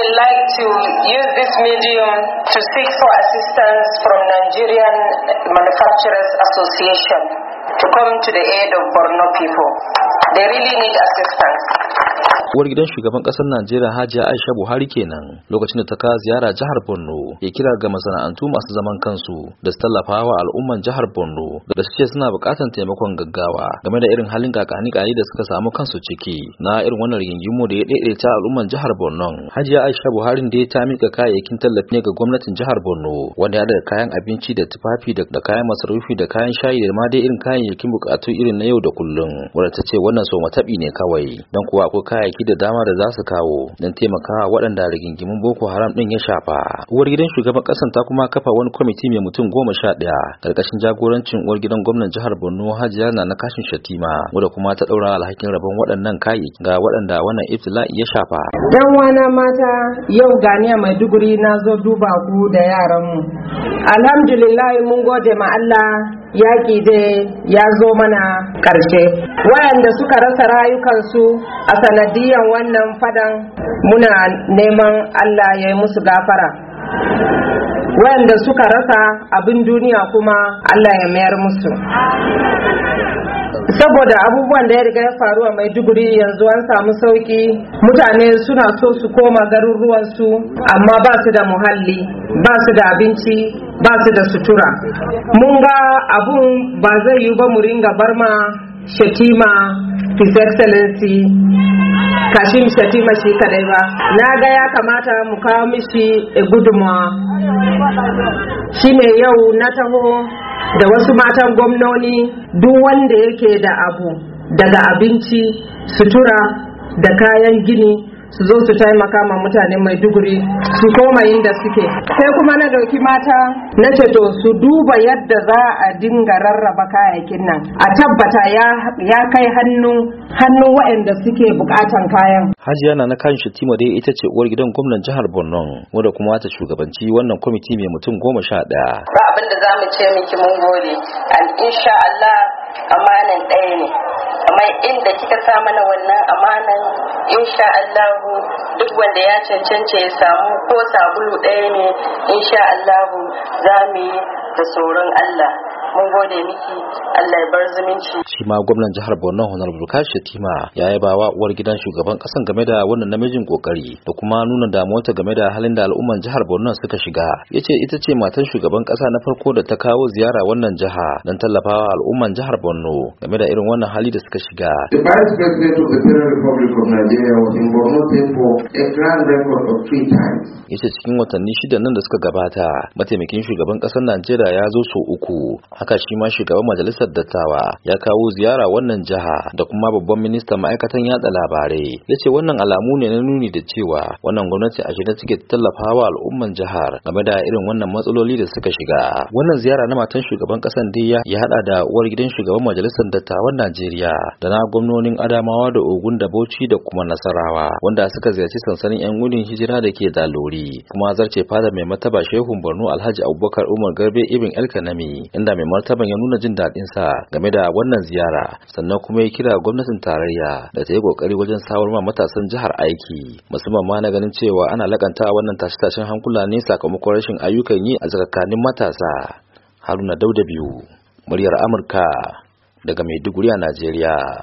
We like to use this medium to seek for assistance from Nigerian Manufacturers Association to come to the aid of Borno people. They really need assistance. uwar gidan shugaban kasar Najeriya Hajiya Aisha Buhari kenan lokacin da ta ka ziyara jihar Borno ya kira ga masana'antu masu zaman kansu da su tallafa wa al'umman jihar Borno da su ce suna buƙatar taimakon gaggawa game da irin halin kakanikani da suka samu kansu ciki na irin wannan rigingimu da ya ta al'umman jihar Borno Hajiya Aisha Buhari da ya ta mika kayayyakin tallafi ne ga gwamnatin jihar Borno wanda ya da kayan abinci da tufafi da kayan masarufi da kayan shayi da ma dai irin kayayyakin bukatu irin na yau da kullum wanda ta ce wannan so matabi ne kawai don kuwa akwai kayayyakin tallafi da dama da za su kawo don taimakawa waɗanda rigingimin Boko Haram ɗin ya shafa. Uwar gidan shugaban ƙasan ta kuma kafa wani kwamiti mai mutum goma sha ɗaya ƙarƙashin jagorancin uwar gidan gwamnan jihar Borno Hajiya na na kashin Shatima wadda kuma ta ɗaura alhakin rabon waɗannan kayi ga waɗanda wannan iftila'i ya shafa. Yan wana mata yau ganiya Maiduguri na zo duba ku da yaran yaranmu. Alhamdulillah mun gode ma Allah yaƙi dai ya zo mana ƙarshe wayanda suka rasa rayukansu a sanadiyan wannan fadan muna neman allah ya yi musu gafara wayanda suka rasa abin duniya kuma allah ya mayar musu saboda abubuwan da ya riga ya faru a maiduguri yanzu an samu sauki mutane suna so su koma garuruwansu amma ba su da muhalli ba su da abinci ba su da sutura mun ga abun ba zai yi ba mu ringa barma shatima his excellency kashim shatima shi kadai ba na ga ya kamata mu kawo mishi a gudunmawa ne yau na taho da wasu matan gwamnoni duk wanda yake da abu daga abinci sutura da kayan gini su zo su taimaka ma mai duguri, su koma inda suke sai kuma na dauki mata na ce to su duba yadda za a dinga rarraba kayayyakin nan a tabbata ya kai hannu hannu waɗanda suke bukatan kayan hajiya na na kan timo dai ita ce uwar gidan gwamnan jihar borno wanda kuma ta shugabanci wannan kwamiti mai mutum goma sha ɗaya ba abin da za mu ce miki mun gode insha Allah amanan ɗaya ne amma inda kika sa mana wannan amanan insha Allahu duk wanda ya cancance ya samu ko sabulu ɗaya ne insha Allahu za mu yi da tsoron Allah mun gode miki Allah ya bar zumunci shi ma gwamnan jihar Borno Honorable Kashi Tima ya yi bawa uwar gidan shugaban kasan game da wannan namijin kokari da kuma nuna damuwa game da halin da al'umman jihar Borno suka shiga yace ita ce matan shugaban kasa na farko da ta kawo ziyara wannan jiha don tallafawa al'umman jihar Borno game da irin wannan hali da suka shiga The Vice President of the Federal Republic of Nigeria was in Borno State a grand record of three times yace cikin watanni shida nan da suka gabata mataimakin shugaban kasar Najeriya ya zo sau uku haka shi ma shugaban majalisar dattawa ya kawo ziyara wannan jiha da kuma babban ministan ma'aikatan yatsa labarai ya ce wannan alamu ne na nuni da cewa wannan gwamnati a shirye take tallafawa al'umman jihar game da irin wannan matsaloli da suka shiga wannan ziyara na matan shugaban kasan dai ya hada da uwar gidan shugaban majalisar dattawan Najeriya da na gwamnonin Adamawa da Ogun da Bauchi da kuma Nasarawa wanda suka ziyarci sansanin yan gudun hijira da ke da Dalori kuma zarce fada mai mataba Shehun Borno Alhaji Abubakar Umar Garbe Ibn Elkanami inda mai martaban ya nuna jin daɗin sa game da wannan ziyara sannan kuma ya kira gwamnatin tarayya da ta yi kokari wajen samar ma matasan jihar aiki musamman ma na ganin cewa ana lakanta wannan tashe-tashen hankula ne sakamakon rashin ayyukan yi a tsakanin matasa haruna dauda biyu muryar amurka daga maiduguri a najeriya